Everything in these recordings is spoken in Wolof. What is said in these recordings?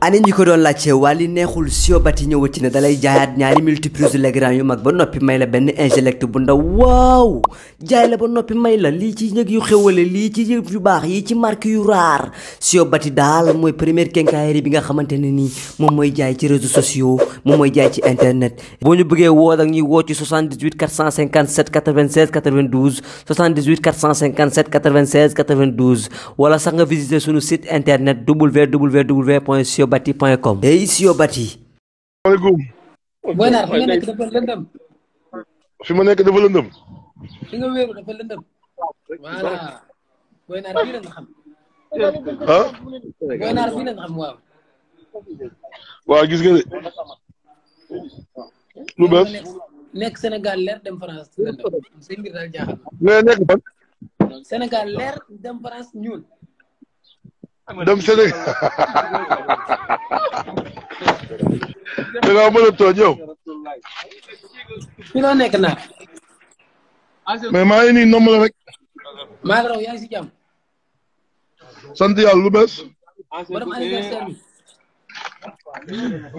ani ñi ko doon laajte waa li neexul siobati ñëwati na dalay jaayaat ñaari multiprise Legrand mag ba noppi may la benn ingelect bu ndaw waaw jaay la ba noppi may la lii ci njëg yu xewale lii ci yëf yu baax yii ci marque yu raar siobati daal mooy première quincaillerie bi nga xamante ne nii moom mooy jaay ci réseaux sociaux moom mooy jaay ci internet boo ñu bëggee woo ak ñuy woo ci 78 457 96 92 78 457 96 92 wala sax nga visiter sunu site yobati point com. eis yobati. maaleykum. naar fi nga nekk dafa lëndëm. fi ma nekk dafa lëndëm. fi nga wéeru dafa lëndëm. voilà. booy naar fii la nga waaw. waaw gis nga de. nekk Sénégal leer dem France Sénégal leer dem France ñuul. dem Sénégal da ngaa mën fi loo nekk naa. mais maa ngi nii nomm rek. sant yàlla lu bees.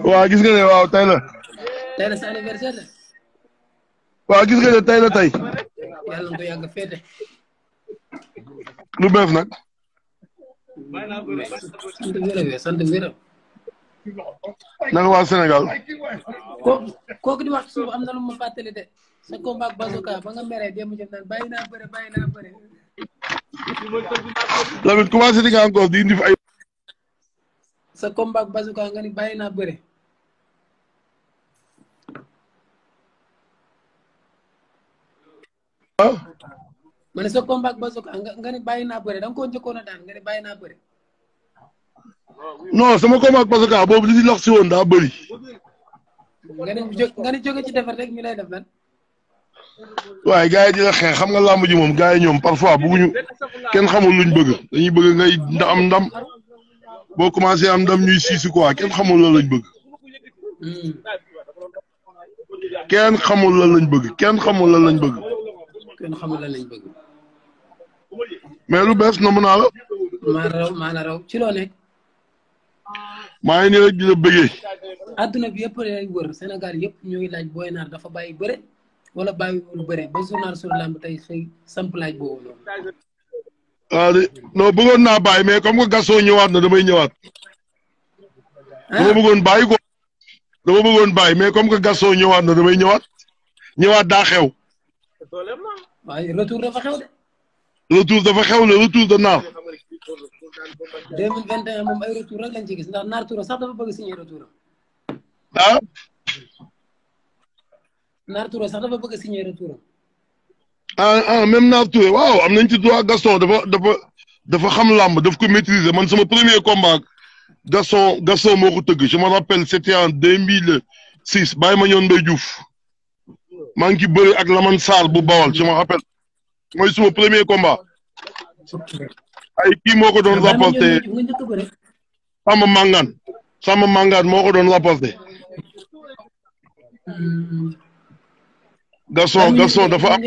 waaw gis nga ne waaw tey sa anniversaire la. gis nga ne tey lu bees nag. sant wér sant wér. naka waa Sénégal. kooku kooku di wax ci am na lu ma fàttali de. sa combat ak ba nga meree dem jëm naan bàyyi naa bëre bàyyi naa bëre. Lamine commencé di nga encore di indi ay. sa combat ak nga ni bàyyi naa ah. ma ne sa combat ba Bazoka nga ni ne bàyyi naa bëre da nga koo njëkkoon a daan nga ne bàyyi naa bëre. non sama combat Bazoka boobu li ci lox si woon daa bëri. nga ne nga ne jóge ci defar rek ñu lay def lan. waaye gars yi dina xeex xam nga làmb ji moom gars yi ñoom parfois bëgguñu kenn xamul luñ bëgg dañuy bëgg ngay am ndam boo commencé am ndam ñuy siisu quoi kenn xamul lan lañ bëgg. Hmm. xamul lan lañ bëgg kenn xamul lan lañ bëgg. kenn xamul lan lañ bëgg. mais lu bees na naa la. maa raw maa la raw ci loo maa ngi nii rek di la bëggee. adduna bi yëpp lay wër Sénégal yëpp ñu ngi laaj Boy Nar dafa bàyyi bëre wala bàyyi wul bëre ba journal sur lamb tey xëy samp laaj boobu noonu. waaw ah, de non bëggoon naa bàyyi mais comme gasoo ñëwaat na damay ñëwaat. Ah. bëggoon bàyyi ko. dama mais comme que gasoo ñëwaat na damay ñëwaat. ñëwaat daa xew. retour dafa xew de. retour dafa xew le retour de naar. 2021 gis ndax naar Touré sax dafa bëgg signé retour. ah. naar Touré sax dafa bëgg signé retour. Ah, ah, nañ ci droit Gaston dafa dafa xam làmb daf ko maîtriser man sama premier combat Gaston Gaston moo ko tëgg je me rappelle c'était en 2006 bàyyi ma ñoon Mbaye Diouf maa ngi ci bëri ak Laman Sall bu Bawol je me rappelle. mooy suma premier combat. ay kii moo ko doon rapporté sama màngaan sama màngaan moo ko doon rapporté. Mm. Gaston Gaston dafa am.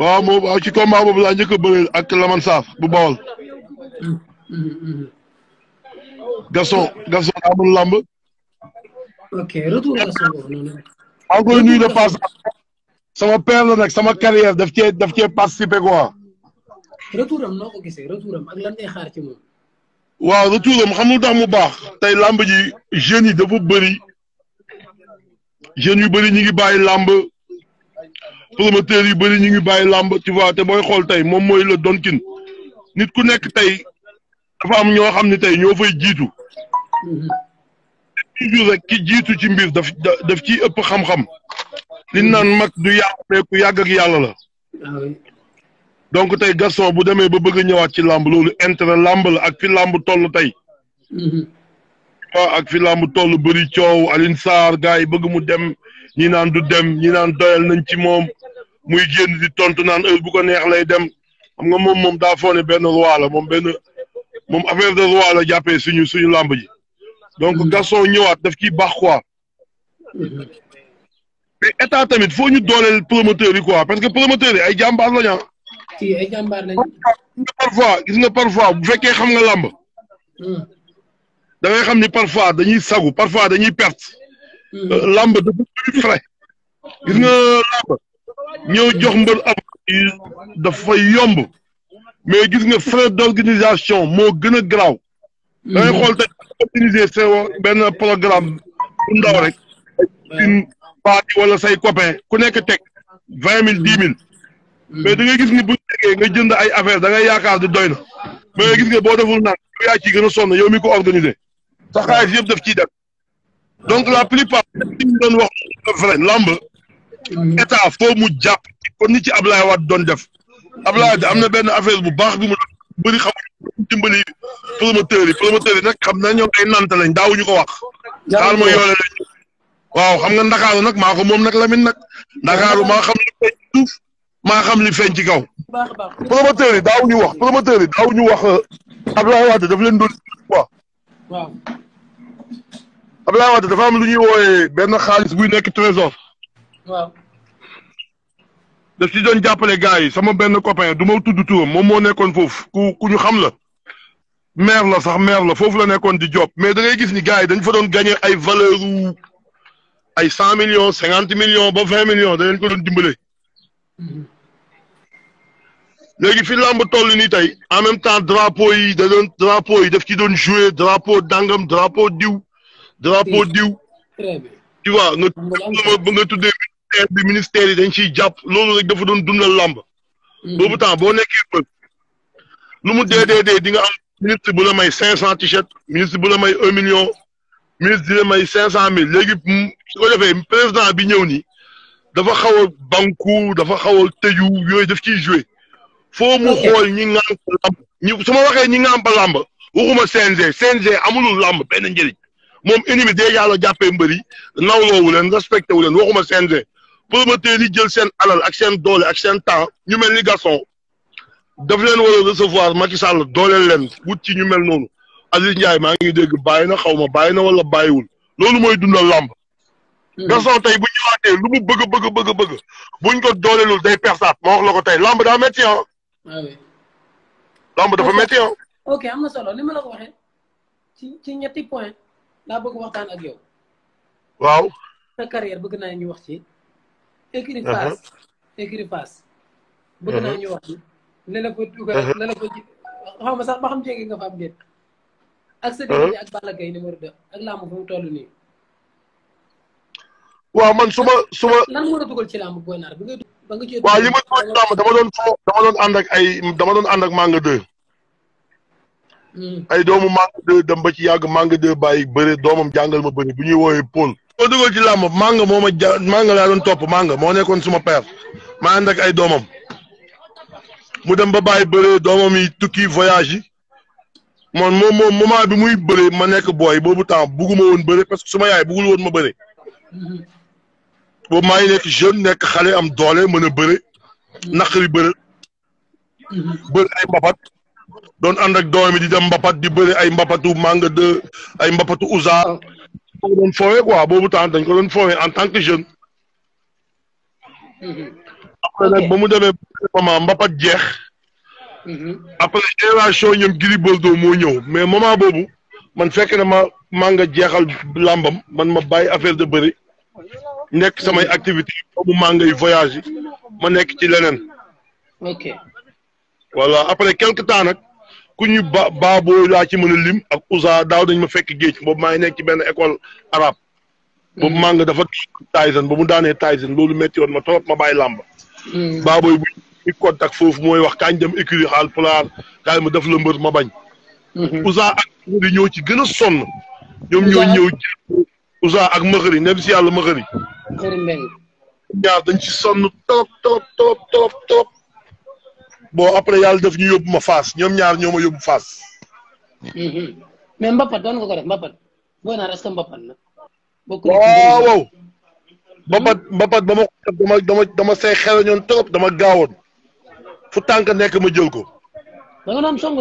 waaw moom ci combat boobu laa njëkk a ak Laman Saaf bu Bawol. Gaston Gaston daa mën làmb. ok sama père la nag sama carrière daf cee daf cee participer quoi. retour ci moom. waaw retour xam nga lu tax mu baax tey làmb ji jeunes yi dafa bëri jeunes yu bëri ñu ngi bàyyi làmb promoteurs yu bëri ñu ngi bàyyi làmb tu vois te booy xool tey moom mooy la donkin nit ku nekk tey dafa am ñoo xam ni tey ñoo fay jiitu. toujours mhm. jiitu ci mbir daf daf ci ëpp xam-xam. li naan mag du yàqu mais yàgg ak yàlla la. donc tey Gaston bu demee ba bëgg ñëwaat ci làmb loolu intérêt làmb la ak fi làmb toll tey. ak filamb làmb toll bëri coow Alioune saar gars yi bëgg mu dem ñi naan du dem ñi naan doyal nañ ci moom muy génn di tontu naan heure bu ko neex lay dem xam nga moom moom daa foog ne benn roi la moom benn moom affaire de roi jàppee suñu suñu làmb ji. donc mm-hmm. Gaston ñëwaat def ciy baax quoi. mais état tamit foo ñu dooleel promoteur yi quoi parce que promoteur yi ay jàmbaar lañu ah. kii ay jàmbaar parfois gis nga parfois bu fekkee xam nga làmb. Hmm. da xam ni parfois dañuy sagu parfois dañuy perte. Hmm. Euh, làmb dafa frais gis nga làmb ñëw jox mbër ab dafa yomb mais gis nga frais d'organisation moo gën a garaaw. da ngay hmm. xool te organiser seen benn programme bu ndaw rek. paati wala say copain ku nekk teg vingt mille dix mille mm. mais da ngay gis ni bu nga jënd ay affaire da ngay yaakaar di doy na mais gis nga boo deful naan yow yaa ciy gën a sonn yow mi ko organisé sa mm. xaalis yëpp daf ciy dem donc la plupart li ñu doon wax vrai lamb mm. état foo mu jàpp kon ni ci Ablaye Wade doon def Ablaye Wade am na benn affaire bu baax bi mu bëri xamuñu dimbali promoteurs yi promoteurs yi nag xam na ñoom ay nant lañ daawuñu ko wax daal mooy yoole lañ waaw xam nga ndakaaru nag maa ko moom nag Lamine nag ndakaaru maa xam li feeñ suuf maa xam li feeñ ci kaw. promoteur yi ñu wax promoteur yi daaw ñu wax euh, Abdoulaye Wade leen doon quoi. waaw. Abdoulaye dafa am lu ñuy wooyee benn xaalis buy nekk trésor. waaw. dañ ci doon jàppale gars yi sama benn copain du ma tudd turam moom moo nekkoon foof ku ku ñu xam la. maire la sax maire la foofu la nekkoon di job mais da ngay gis ni gars yi dañ fa doon gagné ay valeur ay cent millions cinquante million ba vingt millions da leen ko doon dimbale. léegi fi làmb toll nii tey en même temps drapeau yi da doon drapeau yi daf ci doon jouer drapeau dangam drapeau diw. drapeau diw. très bien tu vois nga. nga bi ministère yi dañ ciy jàpp lo rek dafa doon dundal lamb mm. boobu temps boo nekkee mbër. lu mu dee dee dee di nga am ministre bu la may cinq cent t-shirt ministre bu la may un million. ministre di leen may cinq cent mille léegi su ko defee bi ñëw nii dafa xaw a banku dafa xaw a tëju yooyu daf ciy joué foo mu xool ñi ŋàmp làmb ñi su ma waxee ñi ŋàmp làmb waxuma CNG CNG amulul làmb benn njëriñ moom ennemi dee yàlla jàppee mbëri nawloowu leen respecté wu leen waxuma CNG promoteur yi jël seen alal ak seen doole ak seen temps ñu mel ni garçon daf leen war a recevoir Macky Sall dooleel leen wut ci ñu mel noonu Aziz maa ngi dégg bàyyi na xaw ma bàyyi na wala bàyyiwul loolu mooy dundal làmb hmm. Gaston tey bu ñëwaatee lu mu bëgg bëgg bëgg bu buñ ko doolelul day persaat ma wax la ko tey lamb daa métti ah. ah làmb dafa métti ah. ok am na solo ni ma la ko ci ñetti point laa bëgg waxtaan ak yow. waaw. bëgg naa ñu wax ci. écurie uh-huh. Fass bëgg uh-huh. naa ñu wax ci. ne la ko dugal ne la ko ji xaw ma sax ba xam nga fa am déet. ak sa ak Balla Gaye numéro 2 ak waaw man su ma su ma. lan moo li dama doon foo dama doon ànd ay dama doon ànd ak Manga 2. Hmm. ay doomu Manga 2 dem ba ci yàgg Manga 2 bàyyi bëre doomam jàngal ma bëri bu ñuy woowee Paul. ma dugal ci làmb Manga moo ja Manga laa doon Manga moo nekkoon suma père ma ànd ay doomam mu dem ba bàyyi bëre doomam yi tukki voyage yi. man moo moo moment bi muy bëre ma nekk booy boobu temps bugguma woon bëre parce que suma yaay buggul woon ma bëre boobu maa ngi nekk jeune nekk xale am doole mën a bëre naqari bëre bëri ay mbapat doon ànd ak doom mi di dem mbapat di bëri ay mbapatu manga de ay mbapatu usa ko doon boobu temps dañ ko doon foowee en tant que jeune mhm. ba mu demee maman mbapat jeex Mm-hmm. après ération ñoom Gris Bordeaux moo ñëw mais moment boobu man fekk na ma maa jeexal làmbam man ma bàyyi affaire de bëri nekk samay activité boobu maa yi voyage ma nekk ci leneen ok voilà après quelque temps nag ku ñu ba baaboo laa ci mën a lim ak ousa daaw dañ ma fekk géej boobu maa ngi nekk ci benn école arabe boobu mm-hmm. maa nga dafa Tyson ba daanee Tyson loolu metti woon ma trop ma bàyyi làmb mm-hmm. baabooy i contact foofu mooy wax kañ dem écurie xaal pulaar kaay ma def la ma bañ. Mhm. Ousa ak Maxari ñoo ci gën a sonn. ñoom ñoo ñëw jàpp Ousa ak Maxari si yàlla Maxari. ñaar dañ ci sonn trop trop trop trop trop. bon après yàlla def ñu yóbbu ma faas ñoom ñaar ñoo ma yóbbu faas. Mhm. mais Mbapat doon nga ko def Mbapat. booy naan est-ce ba ma dama dama dama say xel ñoon dama gaawoon. fu tànk nekk ma jël ko. da nga doon song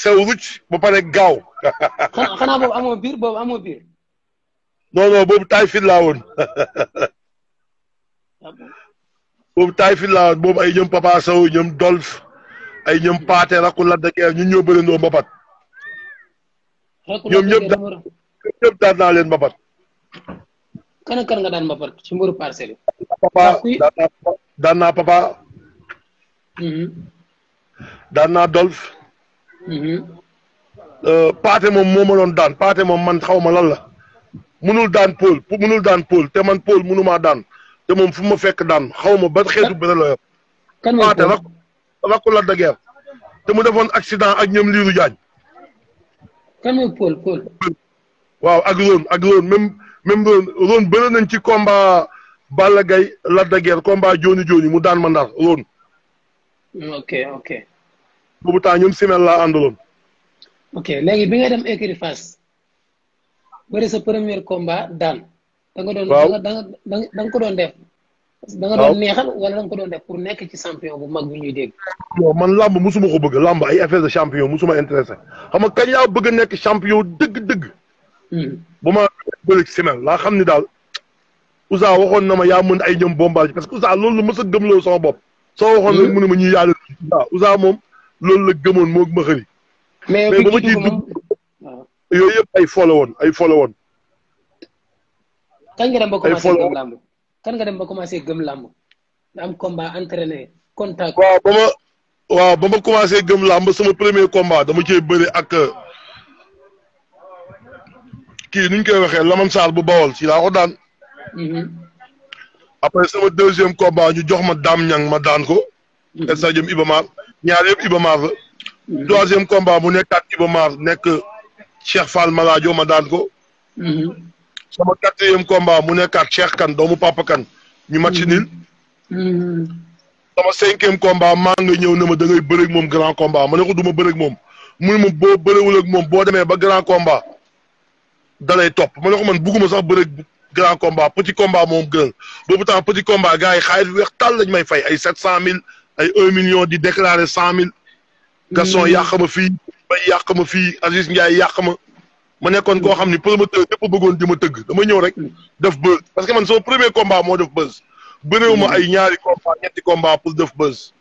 sew rucc ba pare gaaw. xanaa boobu amoo biir boobu amoo biir. non non boobu ah ay ñoom Papa Sow ñoom Dolph ay ñoom Paate rakku Lac de Guiers ñun ñoo bëri ndoo nga daan mbapat ci mbiru daan naa papa. Mm-hmm. daan naa dolf. Mm-hmm. Euh, paate moom moo ma doon daan paate moom man xaw ma lan la munul daan Paul munul daan Paul te man pol munumaa daan te moom fu ma fekk daan xaw ma ba xeetu bëre la yor. kan paate rakk rakku la te mu defoon accident ak ñoom liiru jaañ. kan mooy Paul Paul. ak Rhone ak Rhone même même Rhone Rhone bëre ci combat Balla gay la de Guiers combat jooni jooni mu daan ma ndar loon. ok ok. boobu temps ñoom Simel laa àndaloon. ok léegi bi nga dem écurie Fass bëri sa premier combat daan. da nga doon da ko doon def. da nga doon neexal wala da ko doon def pour nekk ci champion bu mag bi ñuy dégg. non man làmb musuma ko bëgg làmb ay affaire de champion musuma intéressé xam nga kañ laa bëgg a nekk champion dëgg-dëgg. Hmm. bu ma bëri Simel laa xam ni daal. Ousa waxoon na ma yaa mën ay ñoom bombardier parce que Ousa loolu la mës a gëmloo sama bopp. soo waxoon rek mu ne ma ñuy yàlla Ousa moom loolu la gëmoon moo ma xëri. mais ba ma ciy dugg yëpp ay folo woon ay folo kan nga dem ba commencé gëm làmb kan nga dem ba commencé combat entraîné contact. waaw ba ma waaw ba ma commencé gëm lamb sama premier combat dama cee bëri ak. Euh, kii nuñ koy waxee Lamane Sall bu bawol si laa ko Mm-hmm. après sama deuxième combat ñu jox ma Dame Niang ma daan ko. Mm-hmm. stade Iba Mar ñaar yëpp Iba Mar la. Mm-hmm. troisième combat mu nekkaat Iba Mar nekk Cheikh Fall Maladio ma daan ko. sama quatrième combat mu nekkaat Cheikh kan doomu Papa kan ñu match nil. sama cinquième combat maa nga ñëw ne ma da ngay moom grand combat ma ne ko du ma bëreeg moom mu ne ma boo bëreewul ak moom boo demee ba grand combat da lay topp ma ne ko man bugguma sax bëreeg grand combat petit combat moom gën boobu temps petit combat gars yi xaalis weex tal lañ may fay ay sept cent mille ay un million di déclarer cent mille Gaston mm. yàq ma fii bay yàq ma fii Aziz Ndiaye yàq ma ma nekkoon koo xam ni promoteur yëpp bëggoon di ma tëgg dama ñëw rek def buzz parce que man soo premier combat moo def buzz bëréewu ma mm. ay ñaari combat ñetti combat pour def buzz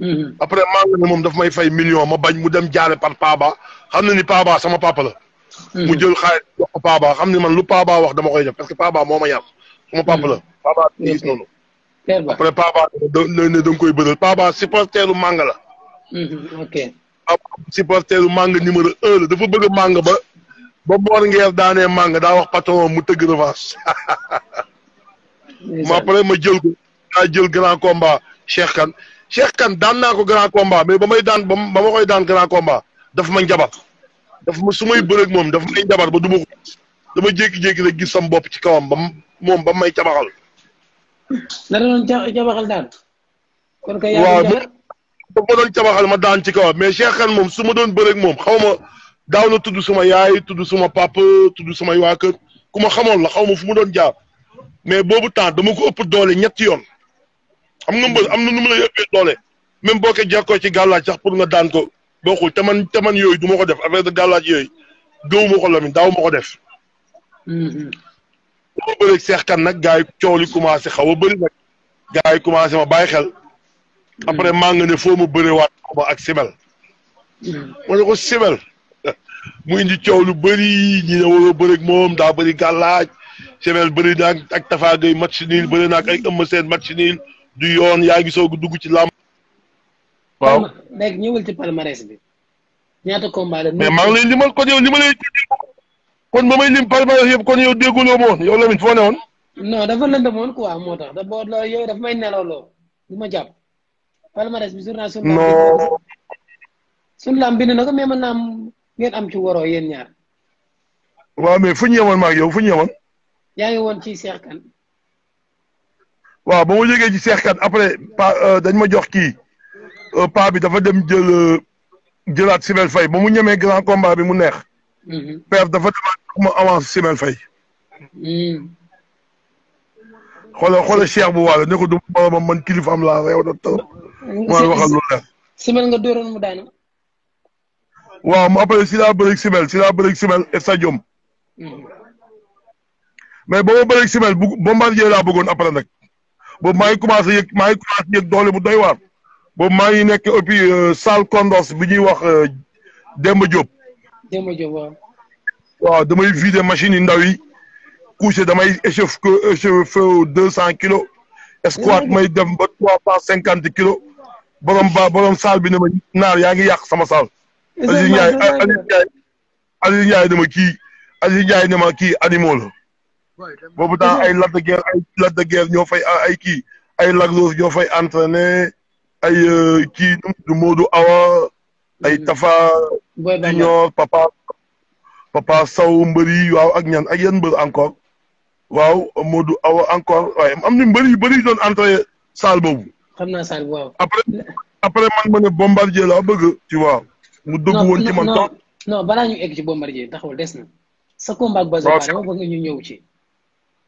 mm. après maa moom daf may fay million ma bañ mu dem jaare par paaba xam na ni Paba sama papa mu jël xaalis jox Paaba xam ne man lu Paaba wax dama koy def parce que Paaba moo ma yar suma papa la hmm. Paaba ne da koy bëral Paaba supporteru Manga la. Hmm, supporteru Manga numéro un la dafa bëgg Manga ba ba Mor Ngeer daanee Manga daa wax patron mu tëgg revanche. ma après ma jël grand combat Cheikh Kane daan naa ko grand combat mais ba ba ma koy daan grand combat daf ma njabar. daf ma su may bëreeg moom daf may jabar ba du ma dama jékki-jékki rek gis sam bopp ci kawam ba moom ba may cabaxal. na doon cabaxal daal. kon kay ma doon cabaxal ma daan ci kawam mais Cheikh Kane moom su ma doon bëreeg moom xaw ma daaw na tudd suma yaay tudd suma pap tudd samay waa kër ku ma xamoon la xaw ma fu mu doon jaar mais boobu temps dama ko ëpp doole ñetti yoon. xam nga mbër am na nu mu la doole même boo ko jekkoo ci gàllaaj sax pour nga daan ko. boo te man te yooyu du ma ko def affaire de gàllaaj yooyu gëw ma ko Lamine daaw ma ko def. Mm-hmm. boo seex kan nag gars yi li commencé xaw a bëri nag commencé ma bàyyi xel. Mm-hmm. après maa nga ne foo ma bëriwaat ma ak Sibel. Mm-hmm. ma ne ko mu indi coow lu bëri ñi ne waroo moom daa bëri gàllaaj Sibel bëri naag ak Tafa Gueye match nul naa naag ay Eumeu Sène match nul du yoon yaa ngi soog dugg ci làmb. waaw léegi ñëwal ci palmarès bi ñaata combat la. mais maa limal kon yow li ma lay kon ba may lim palmarès yëpp kon yow dégguloo ma woon yow Lamine foo ne woon. non dafa lëndëmoon quoi moo tax da boo loo yow dafa may nelaw loo du ma jàpp palmarès bi. journal sunu non sunu bind na ko mais mën naa am ngeen am ci waroo yéen ñaar. waaw mais fu ñu yemoon maa fu ñu yemoon. yaa ngi woon ci Cheikh Kane. waaw ba ma jógee ci Cheikh Kane après euh, dañ ma jox kii. Euh, paa bi dafa dem jël euh, jëlaat Simel Faye ba mu ñemee grand combat bi mu neex. Mm-hmm. père dafa demaat ma avance Simel Faye. Mm-hmm. xoolal xoolal Cheikh bu waale ne du man kilifaam laa réew na trop. Simel nga dóoroon mu daanu. waaw mu après si laa bëreeg Simel si laa bëreeg Simel stadium. Mm-hmm. mais ba ma Simel bu bombardier laa bëggoon après nag. boobu maa ngi commencé yëg maa ngi commencé doole bu doy waar. boobu maa ngi nekk et puis euh, salle Condos bi ñuy wax euh, Demba Diop. Demba Diop waaw. waaw damay vider machine yi ndaw yi couché damay échauffe échauffé deux cent kilos. squat may dem ba trois cent cinquante kilos. borom ba borom salle bi ne ma naar yaa ngi yàq sama salle. Aliou Ndiaye Aliou Ndiaye Aliou Ndiaye ne ma kii Aliou la. boobu temps ay Lac de Guiers ay Lac de Guiers ñoo fay ay kii ay Lac Rose ñoo fay entraîné. ay euh, kii du Modou Awa ay mm. Tafa. Junior papa papa Sow mbëri waaw ak ñan ak yan mbër encore waaw Modou Awa encore waaye am na mbëri yu bëri doon entré salle boobu. xam naa salle waaw. après après man ma Bombardier laa bëgg tu mu dëgg woon ci man non non balaa ñu egg ci Bombardier taxawal des na. sa combat ak Bazooka dama bëgg ñu ñëw ci.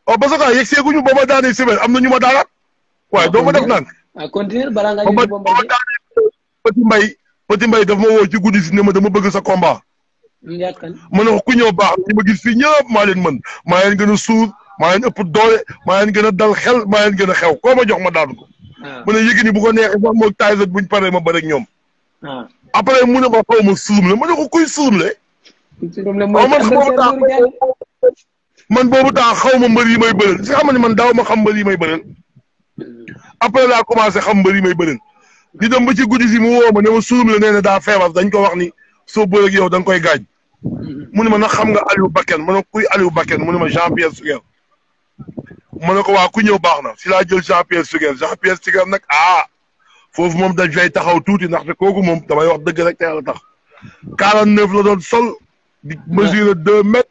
oh Bazooka yegg seeguñu boo ma daanee semaine am na ñu ma daalaat. waaye doo ma def naan. ah continuer balaa nga ñëw Bombardier Petit Mbaye Petit Mbaye daf ma woo ci guddi ma dama bëgg sa combat. ma ne ko ku ñëw baax ñi ma gis fii ñëpp maa leen mën maa yen gën a suur maa leen ëpp doole maa leen gën a dal xel maa leen gën a xew koo ma jox ma daan ko. waaw ah. mu ne Yékini bu ko neexee sax moom Tyson buñ paree ma bëri ak ñoom. Ah. après mu ne ma xaw ma suumle ma ne ko kuy suumle. a mooy man boobu temps man boobu temps xaw ma mbër yi may bëreel si xam ne man daa ma xam mbër yi may bëreel. après la commencé xam mbëri may bërin di dem ba ci guddi si mu woo ma ne ma suum la nee na daa feebar dañ ko wax ni soo bëreeg yow da nga koy gaañ. mu ne ma nag xam nga Aliou Bakken ma ne kuy Aliou Bakken mu ne ma Jean Pierre Suger ma ne ko waa ku ñëw baax na si laa jël Jean Pierre Suger Jean Pierre Suger nag ah foofu moom dañ fay taxaw tuuti ndaxte kooku moom damay wax dëgg rek te yàlla tax 49 la doon sol. di mesure deux mètres.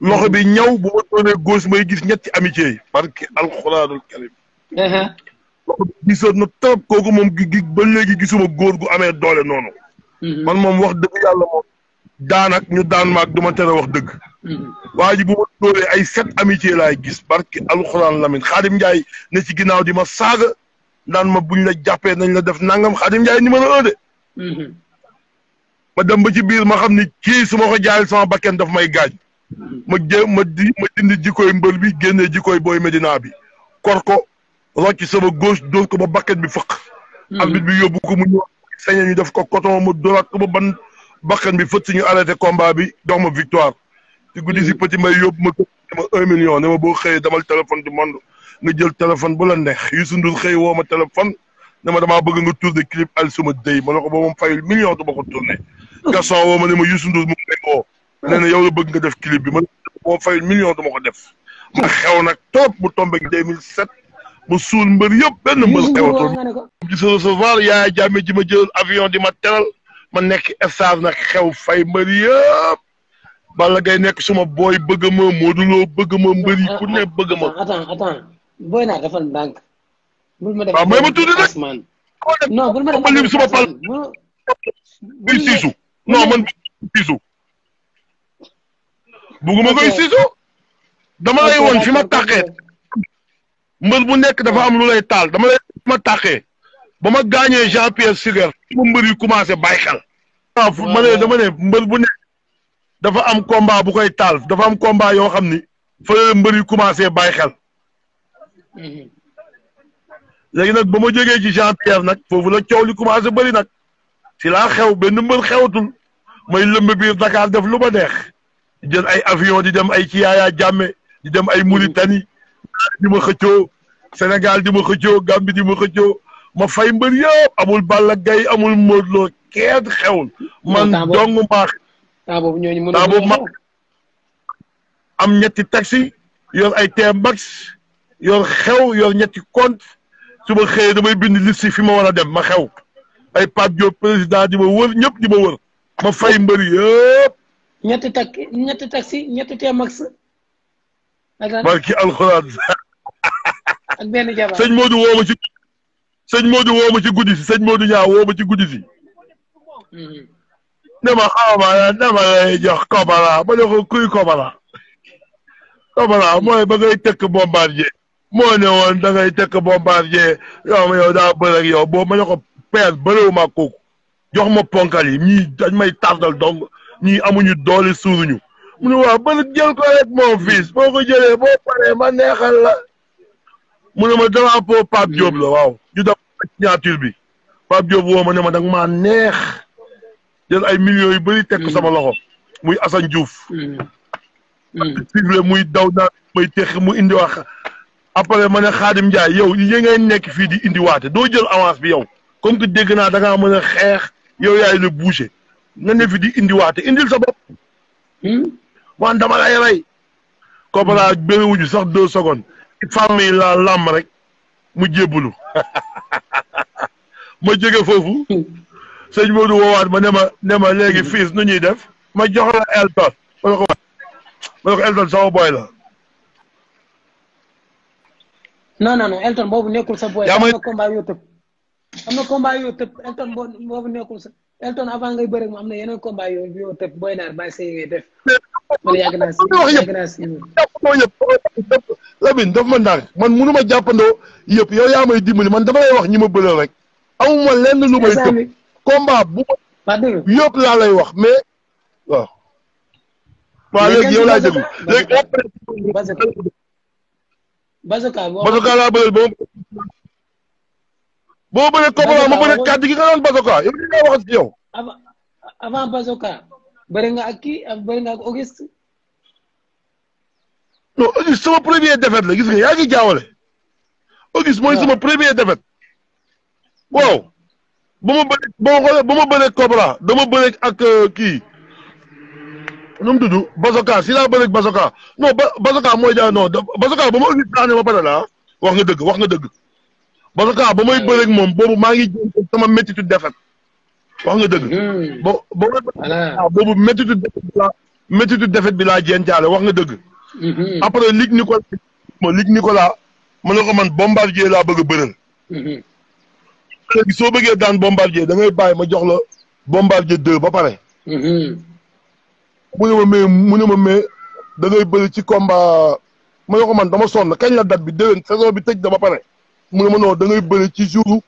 loxo bi ñaw bu ma doonee may gis ñetti amitié yi. barke alxuraanul karim gisoon na trop kooku moom gi ba léegi gisuma góor gu amee doole noonu. Mhm. man moom wax dëgg yàlla moom daan ñu daan maag du ma tere wax dëgg. Mhm. waa ji bu ma dóoree ay set amitié laay gis barki alxuraan lamin xaadim Ndiaye ne ci ginnaaw di ma saaga naan ma buñ la jàppee nañ la def nangam xaadim Ndiaye numéro un de. Mhm. dem ba ci biir ma xam ni kii suma ma ko jaayee sama bakken daf may gaañ. ma jé ma di ma dindi jikkoy mbër bi génnee jikoy booy Medina bi kor wàcc sama gauche dóor ba bakket bi fëq hmm. arbit bi yóbbu ko mu ñëw sañe ñu def ko coton mu dóoraat ko ba ban bakkan bi fët ñu arrêté combat bi dox ma victoire ci guddi si hmm. petit mbay yóbbu ma ma un million ne ma boo xëyee damal téléphone du monde nga jël téléphone bu la neex Youssou Ndour xëy woo ma téléphone ne ma damaa bëgg nga tourné clip al suma dëy ma ne ko ba moom fayul million du ma ko tourné hmm. garçon woo ma ne ma Youssou Ndour mu ngi lay woo nee na la bëgg nga def clip bi ma ne ko moom fayul ma ko def ma xew nag trop mu tombé 2007 ba suul mbër yëpp benn mbër xewatul gis recevoir yaay jàmme ji ma jël avion di ma teral ma nekk stage nag xew fay mbër yëpp Balla Gaye nekk suma booy bëgg ma Modou Lo bëgg ma mbër yi ku ne bëgg ma ma def may ma tudd rek non bul ma def ma lim man siisu bugguma koy siisu dama lay fi ma mbër bu nekk dafa am lu lay taal dama lay ma tàqee ba ma gaañee Jean Pierre Sugar ma mbër yi commencé bàyyi xel. waaw ma ne dama ne mbër bu nekk dafa am combat bu koy taal dafa am combat yoo xam ni fële mbër yi commencé bàyyi xel. léegi nag ba ma jógee ci Jean Pierre nag foofu la coow li commencé bari nag si la xew benn mbër xewatul may lëmb biir Dakar def lu ma neex jël ay avion di dem ay ci Yaya Jammeh di dem ay hmm. Mauritanie. di ma xëccoo Sénégal di ma xëccoo Gambie ma xëccoo ma fay mbër yëpp amul Balla Gaye amul Modou Lo kenn xewul. man dong maax. taa boobu mën ma am ñetti taxi yor ay T-Max yor xew yor ñetti kont su ma xëyee damay bind liste fi ma war a dem ma xew ay Pape Diop président ma wër ñëpp di ma wër ma fay mbër yëpp. ñetti tak ñetti taxi barki alxuraan ak benn jabar sëñ Modou woo ma ci sëñ Modou woo sëñ Modou ñaa woo ci guddi si. Mhm. ne ma xaw ma ne ma lay jox Kobala ma jox ko kuy Kobala. Kobala mooy ba ngay tekk bombardier moo ne woon da ngay tëkk bombardier yow ma yow daa bëri ak yow boobu ko peer bëriwuma kooku jox ma ponkal yi ñii dañ may tardal dong ñii amuñu doole suuruñu. mu ne waaw ban jël ko rek mon fils boo ko jëlee boo paree ma neexal la mu ne ma drapeau Pape Diop la waaw ñu def signature bi Pape Diop woo ma ne ma da nga maa neex jël ay millions yu bëri teg sama loxo muy Assane juuf sifflé muy daw naa may tex mu indi wax après ma ne Xaadim Ndiaye yow yi ngay nekk fii di indiwaate doo jël avance bi yow comme que dégg naa da ngaa mën a xeex yow yaay le nga ne fi di indiwaate indil sa bopp. Hmm? man dama lay rey. Kopara benn wuñu sax deux secondes. famille la rek mu jébbulu ma jóge foofu sëñ Modou woowaat ma ne ma ne ma léegi fiis nu ñuy def ma jox la Elton ma ne ko ma sama boy la. non non non Elton boobu nekkul sa boy. yaa am na combat yoo tëb am na combat yoo sa. Elton avant ngay bëre mu am na yeneen combat yoo yoo tëb booy naar bàyyi sa yi ngay def. man yàgg naa si yàgg naa si yëpp Lamine daf ma ndànk man ma jàppandoo yëpp yow yaa may dimbali man dama lay wax ñi ma bëleel rek. amuma lenn ma. yëpp laa lay wax mais waaw. waaw ba boo bëree Kobra ma bëree kàddu gi nga doon Bazoka yow li nga wax si yow. avant avant Bazoka nga ak kii bëri nga ak Auguste. non sama premier défaite la gis nga yaa ngi jaawale. Auguste mooy sama premier défaite. waaw ba ma bëree ba ma xoolee ba ma bëree Kobra dama bëree ak euh, kii. nu mu tudd Bazoka si laa bëree Bazoka non ba Bazoka mooy jaay non Bazoka ba ma Auguste daane ba pare wax nga dëgg wax nga dëgg. parce que ah, ba may ah, bëreeg moom boobu maa ngi jéem sama méttitu defet wax nga dëgg. bo hmm. boobu. voilà ah, boobu méttitu defet bi laa méttitu defet bi laa jeenjaale wax nga dëgg. Hmm. après Luc Nicolas ma Luc Nicolas ne ko man bombardier laa bëgg a bëral. Hmm. léegi soo bëggee daan bombardier dangay ngay bàyyi ma jox la bombardier deux ba pare. mu ne ma mais mu ne ma mais da ngay bëri ci komba ma ne ko man dama sonn kañ la date bi déwén saison bi tëj da ba pare. mun ne ma non da bëri ci jour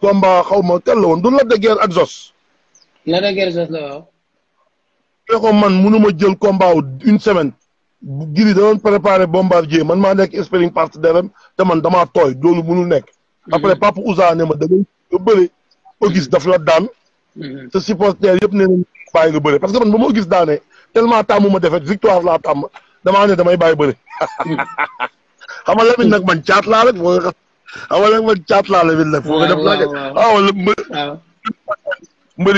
combat xaw ma tel la woon du Lac de Guiers ak Zos. Lac la waaw. ne ko man mënu ma jël combat une semaine. giri da doon préparé bombardier man maa nekk sparring partner te man damaa tooy loolu mënul nekk. Mm-hmm. après Papa usa ne ma da ngay bëri. daf la daan. Mm-hmm. te supporter yëpp nee nañ bàyyi bëri parce que man ba ma Auguste daanee tellement tàmmu ma defet victoire laa tàmm damaa ne damay bàyyi bëri. xam nga nag man caat laa rek foo ko xam nga nag man caat laa Lamine nag. foo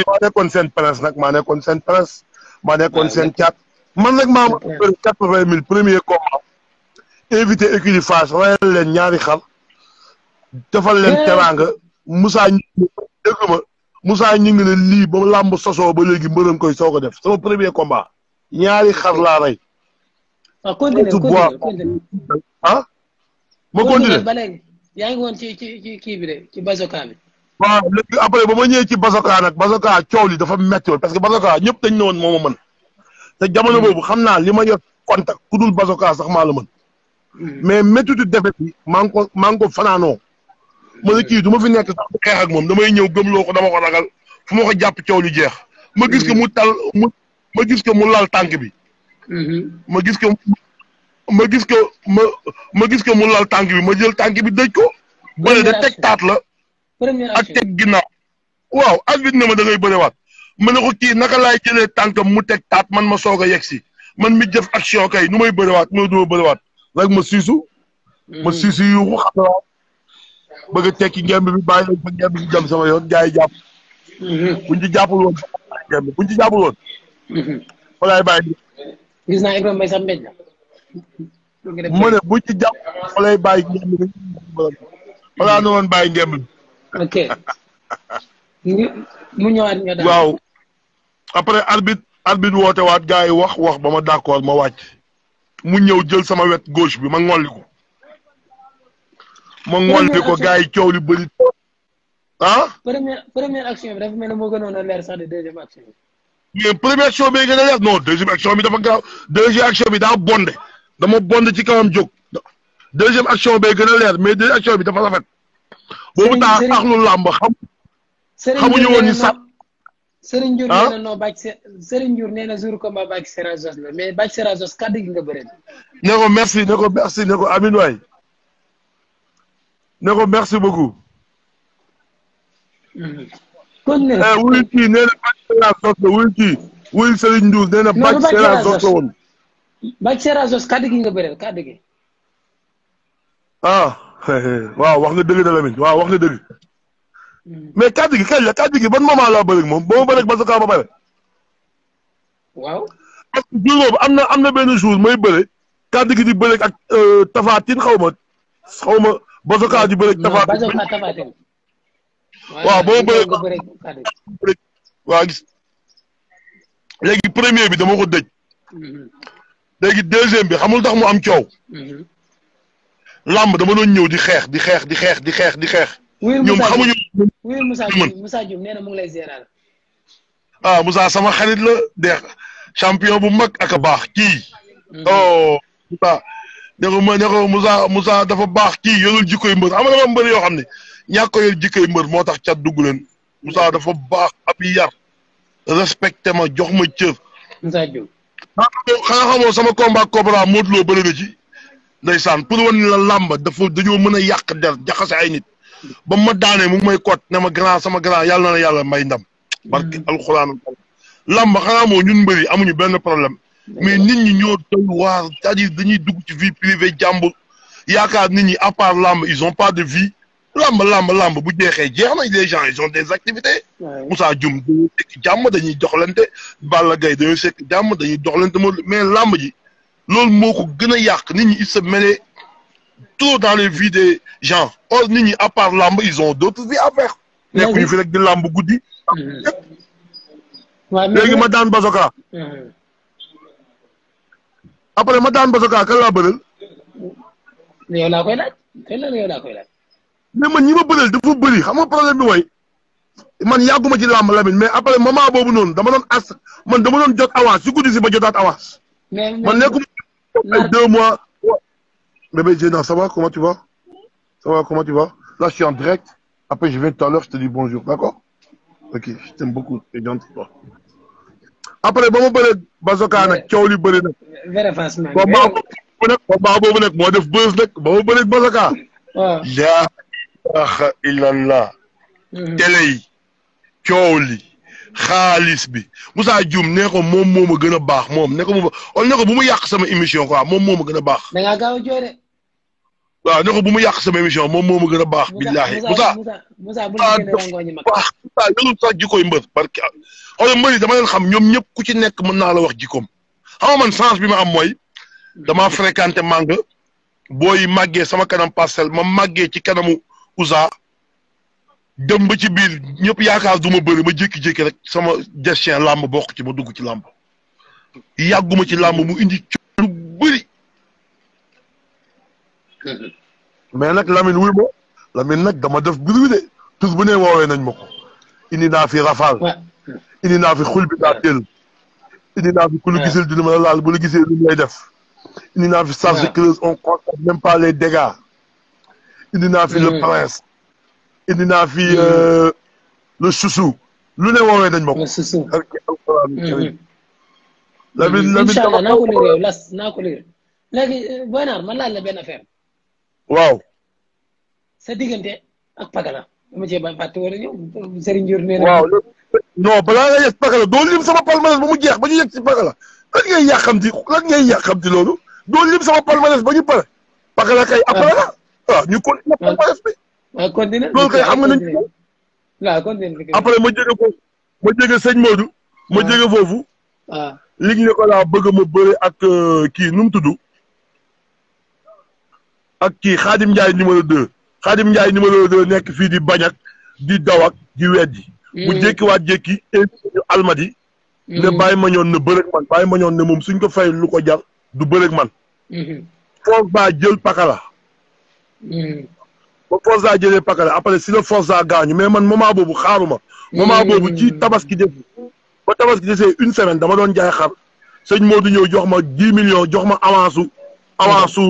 ko def seen presse nag maa nekkoon seen presse. maa nekkoon seen caat. man nag maa ma bëri quatre mille premier combat. invité écurie Fass leen ñaari xar. defal leen eh. teraanga. Moussa ñu dégg ma Moussa ñu ngi ne lii ba làmb sosoo ba léegi mbërëm koy soo ko def sama premier combat. ñaari xar laa ah. ma continué ba léegi yaa ngi woon ci ci ci kii bi de ci bazoka bi. waaw léegi après ba ma ñëwee ci bazoka nag bazoka coow li dafa métti woon parce que bazoka ñëpp dañ ne woon moo te jamono mm. boobu xam naa li ma yor contact ku dul bazoka sax maa la mën. Mm. mais méttiitu defet bi maa ko maa ngi ko fanaanoo. ma ne mm. kii du ma fi nekk sax xeex ak moom damay ñëw gëmloo ko dama ko ragal fu ma ko jàpp coow li jeex. ma gis ko mu tal mu ma gis ke mu lal tànk bi. Mm-hmm. ma gis ko ma gis ka ma ma gis que mu lal tànk bi ma jël tànk bi dëj ko. bëre da teg taat la. ak teg ginnaaw. waaw arbitre ne ma da ngay bëriwaat ma ne ko kii naka laay jëlee tànkam mu teg taat man ma soog a yegg si man mi jëf action kay nu may bëriwaat nu du ma bëriwaat rek ma siisu. Hmm. ma siisu yu xam naa bëgg a tekki ngemb bi bàyyi leen bi jëm sama yoon gars hmm. jàpp. buñ ci jàppul woon hmm. buñ ci ma ne bu ci jàpp lay bàyyi ngemb bi wala woon bàyyi ngemb bi ok waaw après arbitre arbitre woote waat gars yi wax wax ba ma d'accord ma wàcc mu ñëw jël sama wet gauche bi ma ngolli ko ma ngolli ko gars yi coow li bëri ah première première action bi dafa mel ne moo gënoon a leer sax de deuxième action bi mais bi gën a bi daa bondé dama bond ci kawam jóg deuxième action bay gën a leer mais deuxième action bi dafa rafet. boobu taa axlu làmb xam. xamuñu woon ni sax. Serigne Ndiour nee ah? na non Bac Serigne Ndiour nee na jour combat Bac Serazos la gi nga bëre. ne ko merci ne ko merci ne ko amin waay ne ko merci beaucoup. Mm-hmm. kon ne la wuyu kii nee na Bac Serazos la kii wuyu Serigne Ndiour nee na Bac Serazos woon. Bac Seras Jos kàddu gi nga bëreel kàddu gi. ah waaw wax nga dëgg da Lamine waaw wax nga dëgg. Hmm. mais kàddu gi kañ la kàddu gi ban moment laa bëri moom ba ma bëri ba sa kaw ba pare. waaw. parce que am na am na benn jour may bëre kàddu gi di bëre ak euh, tafaatin xaw ma xaw ma basoka di bëre tafaatin. waaw ba ma bëre waaw gis premier bi dama ko dëj. Hmm, hmm. léegi deuxième bi xamul tax mu am coow. Mhm. làmb dama doon ñëw di xeex di xeex di xeex di xeex di xeex. ñoom xamuñu. wuyu Moussa Dioum Moussa Dioum nee mu ngi lay géral. ah Moussa sama xarit la deex champion bu mag ak a baax kii. Mhm. oh Moussa ne ko ne ko Moussa Moussa dafa baax kii yorul jikkoy mbër am na ma mbër yoo xam ne ñàkk a yor mbër moo tax cat dugg leen mhm. Moussa dafa baax ab yar respecté ma jox ma cër. Moussa xanaa xamoo sama combat Cobra Modou Lo bëri na ci ndeysaan pour wan la làmb dafa dañoo mën a yàq der jaxase ay nit ba ma daanee mu ngi may kot ne ma grand sama grand yàlla na la yàlla may ndam. barki mm. alxuraan làmb xanaa moo ñun mbëri amuñu benn problème mais mm. nit ñi ñoo doy waar c'est-à-dire dañuy dugg ci vie privée jàmbur yaakaar nit ñi à part làmb ils ont pas de vie. lamb lamb lamb bu jeexee jeex na les gens ils ont des activités. Moussa Dioum dañuy sekk jàmm dañuy doxlante Balla Gaye dañuy sekk jàmm dañuy doxlante mais lamb ji loolu moo ko gën a yàq nit ñi ils se dans les vies des gens or nit ñi à part lamb ils ont d'autres vies à fi rek di lamb guddi. Mm-hmm. léegi ma daan Bazoka. Mm-hmm. après ma daan Bazoka kan mais man ñi ma bëreel dafa bëri xam nga problème bi mooy man yàgguma ci làmb Lamine mais après moment boobu noonu dama doon as man dama doon jot avance si guddi si ba jotaat avance. man nekkuma ay deux mois. bébé Dieng ça va comment tu vas ça va comment tu vas là je suis en direct après je viens tout à l'heure je te dis bonjour d'accord ok je t'aime beaucoup c'est gentil quoi. après ba ma bëree Bazoka nag coow li bëri nag. vraiment. ba maa boobu nag moo def buzz nag ba ma bëree ilaha illallah mm-hmm. télé yi coow li xaalis bi Moussa Dioum ne ko moom moom a gën a baax moom ne ko moom oh, ne ko bu mu yàq sama émission quoi moom moo ma gën a baax. da ngaa a jooy de. ko bu mu yàq sama émission moom moo ma gën a baax. billahi Moussa Moussa Moussa yorul sax jikkoy mbër parce que xoolal mbër yi dama leen xam ñoom ñëpp ku ci nekk mën naa la wax jikkoom xam nga man chance bi ma am mooy damaa fréquenté màng booy màggee sama kanam parcelle ma màggee ci kanamu. Ouza dem ba ci biir ñëpp yaakaar du ma bëri ma jékki-jékki rek sama destin làmb bokk ci ma dugg ci làmb yàgguma ci làmb mu indi lu bëri. mais nag Lamine wuy ma Lamine nag dama def bruit de tur bu ne woowee nañ ma indi naa fi rafal. indi naa fi xul bi di jël. indi dina ma la laal bu lu gisee lu lay def. indi naa fi charge creuse on constate même pas indi naa fi le mm. indi naa fi mm. euh, le chouchou. lu ne woowee dañ ma ko. le chouchou. Lamine Lamine incha allah naa ko lire yow ma laaj la benn affaire. waaw. sa diggante ak Pagala. dama na. balaa nga yegg Pagala doo lim sama palmarès ba mu jeex ba ñu yegg ci Pagala lan ngay yàqamti loolu doo lim sama palmarès ba ñu pare Pagala kay après ah. la. waaw ñu continué PASTEF bi. waaw continué loolu ko. waaw après ma jege foofu ma jege sëñ Modou. ma jege foofu. waaw léegi ne bëgg ma bëre ak euh, kii nu mu tudd. ak kii Xaadim Ndiaye numéro 2. Xaadim Ndiaye numéro 2 nekk fii di bañak di dawak di weddi. mu mm. jékkiwaat jékki invité ñu almadi. Mm. ne bàyyi ma ñoon ne bëreeg man bàyyi ma ne moom suñ ko fay lu ko jar du bëreeg man. Mm-hmm. foog baa jël pakala Hmm. ba Forza jëlee pakala après si la Forza gaañu mais man moment boobu xaaruma moment boobu ci hmm. tabaski début ba tabaski desee une semaine dama doon jaay xar sëñ Modou ñëw jox ma dix millions jox ma avance su avance su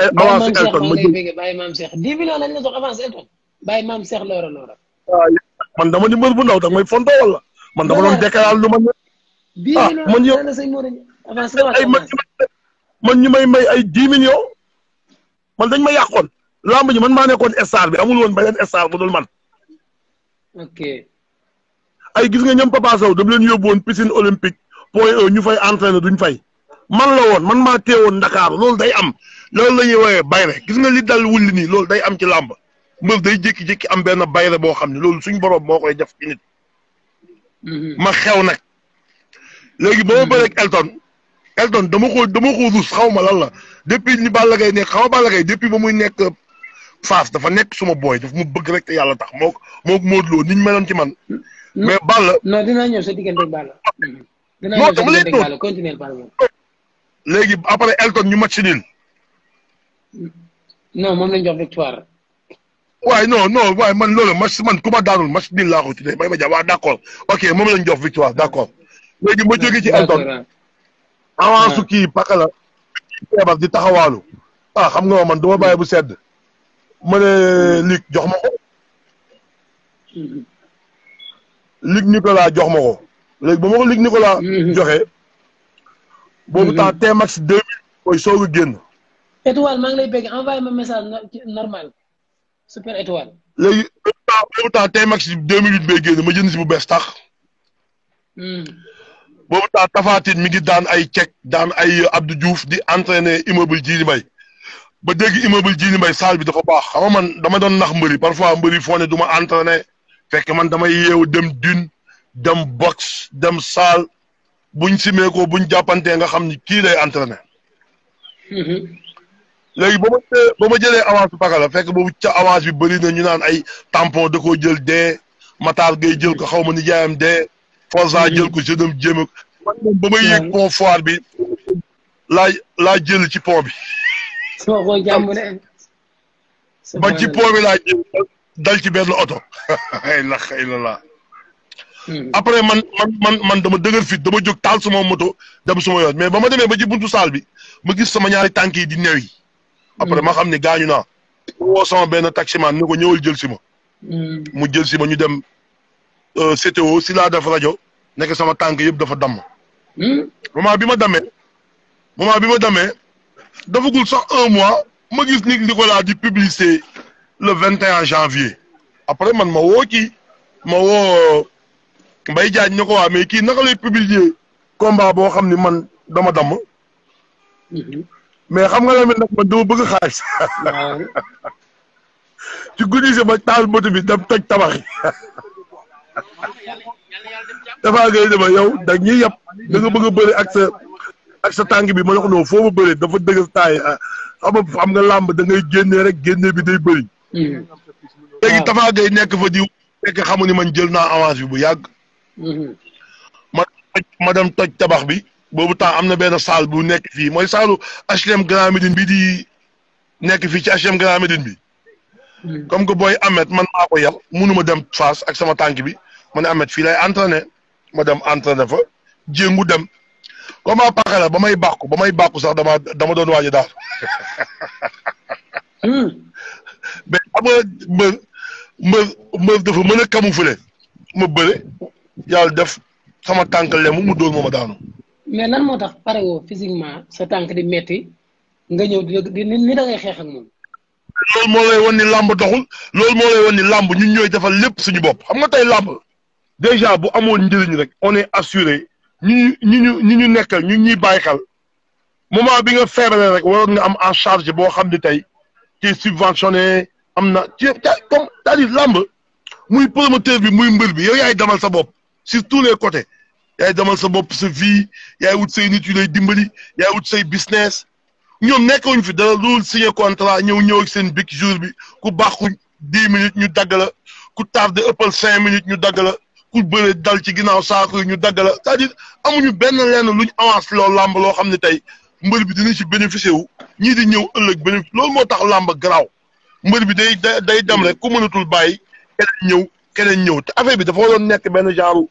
eh, avance Elton ma jël bàyyi maam Cheikh dix millions lañ la jox avance Elton bàyyi maam Cheikh loora man bu ndaw dag may fonto wala man dama doon déclarer lu ma ne ah man yow man ñu may may ay dix millions man dañ ma yàqoon lamb ji man maa nekkoon star bi amul woon beneen star bu dul man. ay gis nga ñoom Papa wu dama leen yóbbu woon piscine olympique point E ñu fay entraîné duñ fay man la woon man maa teewoon Dakar lool day am loolu la ñuy woowee bayre gis nga li dal wulli nii loolu day am ci làmb mbër day jékki-jékki am benn bayre boo xam ne loolu suñ borom moo koy def ci nit. Mhm. ma xew nag. léegi boo ba ak Elton. Elton dama ko dama ko ruus xaw ma lan la depuis ni Balla Gaye nekk xaw ma Balla Gaye depuis ba muy nekk euh, Fass dafa nekk suma booy daf mu bëgg rek te yàlla tax moo moo Modou Lo ni ñu meloon ci man. mais Balla. non dinaa ñëw sa diggante ak Balla. non dama lay doon continuer Balla. léegi après Elton ñu match nul. non moom lañ jox victoire. waaye non non waaye man loolu match man ku ma daanul match nul laa ko tuddee may ma jàpp waaw d' accord ok moom lañ jox victoire d' accord. léegi ma jógee ci Elton. avance su kii paka la feebar di taxawaalu a ah, xam nga man du ma bàyyi bu sedd ma lig jox ma ko lig Nicolas jox ma ko léegi ba ma ko lig Nicolas mhm. joxe boobu temps mhm. te max deux mille mooy soog a génn étoile maa ngi lay bëgg envoyé ma message normal super étoile léegi boobu te maks deux mille huit génn ma jënd si bu bees tax mhm. boobu taa tafaatin mi ngi daan ay cek daan ay Abdou Diouf di entraîner immeuble Djily Mbaye ba dégg immeuble Djily Mbaye salle bi dafa baax xam nga man dama doon nax mbëri parfois mbëri foo ne du ma entraîner fekk man damay yeewu dem dune dem box dem salle buñ simee ko buñ jàppantee nga xam ni kii day entraîner. Mm-hmm. léegi ba ma jëlee avance bi Pakala fekk boobu ca avance bi bëri na ñu naan ay tampon da koo jël dee Matar Gueye jël ko xaw ma ni jaayam dee. Forza mm-hmm. jël ko jëndam jéem ba may yëg pont foire bi laa laa jël ci po bi. soo ko ci pont bi laa jël dal ci benn oto. ay la xëy na laa. après man man man dama dëgër fit dama jóg taal suma moto dem sama yoon mais ba ma demee ba ci buntu saal bi ma gis sama ñaari tànk yi di new yi. après ma mm-hmm. xam ne gaañu naa. woo sama benn taximaan ni ko ñëwal jël si ma. Mm-hmm. mu jël si ma ñu dem. CTO si laa def rajo nekk sama tànk yëpp dafa damm. Hmm? moment bi ma damee moment bi ma damee dafa gul sax un mois ma gis ni Nicolas di publicité le vingt et un janvier après man ma woo kii ma woo euh, Mbaye Diagne ne ko waa mais kii naka lay publier combat boo xam ni man dama damm. Hmm. mais xam nga la mi nag man dama bëgg xaalis. ci guddi si ma taal moto bi dem toj tabax dafaa ngay dama yow da ñuy yab da bëgg a bëri ak sa sa tànk bi ma la ko noonu foo ma bëree dafa dëgg sa taay ah, xam nga am nga làmb da ngay génnee rek génne bi day bëri. Mm-hmm. léegi dafaa ah. ngay nekk fa di nekk xamu ni man jël naa avance bi bu yàgg. Mm-hmm. ma dem toj tabax bi boobu temps am na benn salle bu nekk fii mooy saalu HLM Grand Médine bi di nekk fii ci HLM Grand Médine bi. Mm-hmm. comme que booy amet man maa ko yàq munu dem fas ak sama tànk bi. ma ne Ameth fii lay entraîné ma dem entraîné fa jéngu dem comme maa paaka la ba may bàkku ba may bàkku sax dama dama doon waaj a daal hmm. mais dafa mën a camoufler ma bëre def sama tànk lemu mu dóor mooma daanu. moo tax pare woo physiquement sa tànk di metti nga ñëw di ni da ngay moom. loolu moo lay wan ni làmb doxul loolu moo lay wan ni làmb ñu ñooy defal lépp suñu bopp xam nga tey làmb. déjà bu amoon njëriñ rek on est assuré ñu ñu ñu ñu ñu nekkal ñu ñuy bàyyi xel moment bi nga feebaree rek waroon nga am en charge boo xam ne tey ci subventionné am na ci comme làmb muy promoteur bi muy mbër bi yow yaay demal sa bopp surtout tous les côtés yaay demal sa bopp sa vie yaay wut say nit yu lay dimbali yaay wut say business ñoom nekkawuñ fi dara loolu signé contrat ñëw ñëw seen big jour bi ku baaxu dix minutes ñu dagg ku ku tardé ëppal cinq minutes ñu dagg ku bëre dal ci ginnaaw saako ñu dagg la c'est-à-dire amuñu benn lenn luñ avance loo làmb loo xam ne tey mbër bi dina ci bénéficier wu ñii di ñëw ëllëg bénéfice loolu moo tax làmb garaaw mbër bi day day dem rek ku mënatul bàyyi keneen ñëw keneen ñëw te affaire bi dafa waroon nekk benn genre